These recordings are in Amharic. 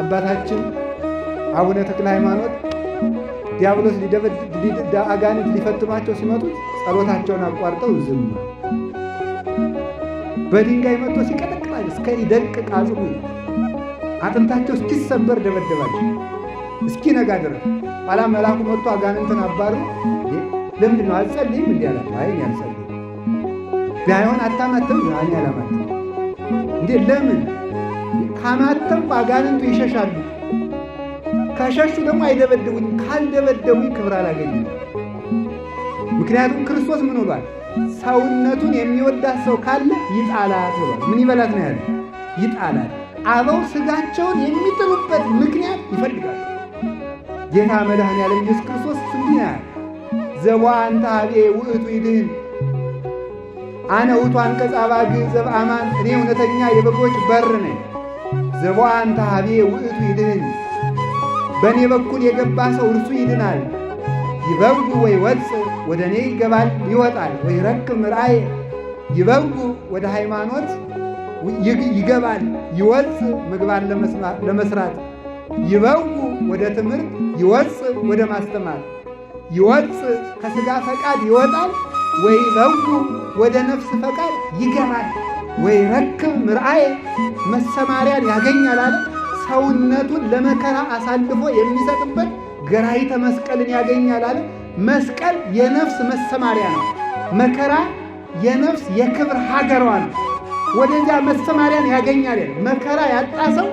አባታችን አቡነ ተክለ ሃይማኖት ዲያብሎስ አጋንንት ሊፈትማቸው ሲመጡ ጸሎታቸውን አቋርጠው ዝም በድንጋይ መጥቶ ሲቀጠቅጣል እስከ ይደቅ ቃጽ አጥንታቸው እስኪሰበር ደበደባቸው። እስኪ ነጋ ድረስ ኋላ መልአኩ መጥቶ አጋንንትን አባሩ። ለምንድን ነው አልጸልይም? እንዲ ያላ ይ ያልጸልይ ቢሆን አታማተም አላማት እንዴ ለምን ካማተንኩ አጋንንቱ ይሸሻሉ። ከሸሹ ደግሞ አይደበደቡኝ። ካልደበደቡኝ ክብር አላገኝም። ምክንያቱም ክርስቶስ ምን ብሏል? ሰውነቱን የሚወዳት ሰው ካለ ይጣላት ብሏል። ምን ይበላት ነው ያለ? ይጣላት። አበው ስጋቸውን የሚጥሉበት ምክንያት ይፈልጋል። ጌታ መድኃኔዓለም ኢየሱስ ክርስቶስ እንዲህ ነው ዘቧአንተ ኀቤ ውእቱ ይድህን አነ ውእቱ አንቀጸ አባግዕ ዘበአማን እኔ እውነተኛ የበጎች በር ነኝ። ዘቧን አንተ ውእቱ ይድህን፣ በእኔ በኩል የገባ ሰው እርሱ ይድናል። ይበጉ ወይ ወፅ ወደ እኔ ይገባል ይወጣል። ወይ ረክም ራእይ ይበጉ ወደ ሃይማኖት ይገባል ይወፅ ምግባር ለመስራት ይበጉ ወደ ትምህርት ይወፅ ወደ ማስተማር ይወፅ ከሥጋ ፈቃድ ይወጣል። ወይ በጉ ወደ ነፍስ ፈቃድ ይገባል። ወይ ረክብ ምርአይ መሰማሪያን ያገኛል አለ። ሰውነቱን ለመከራ አሳልፎ የሚሰጥበት ገራይተ መስቀልን ያገኛል አለ። መስቀል የነፍስ መሰማሪያ ነው። መከራ የነፍስ የክብር ሀገሯ ነው። ወደዚያ መሰማሪያን ያገኛል። መከራ ያጣ ሰው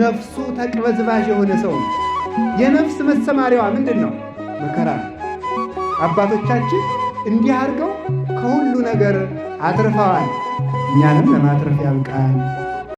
ነፍሱ ተቅበዝባዥ የሆነ ሰው ነው። የነፍስ መሰማሪያዋ ምንድን ነው? መከራ። አባቶቻችን እንዲህ አድርገው ከሁሉ ነገር አትርፈዋል። እኛንም ለማትረፍ ያብቃል።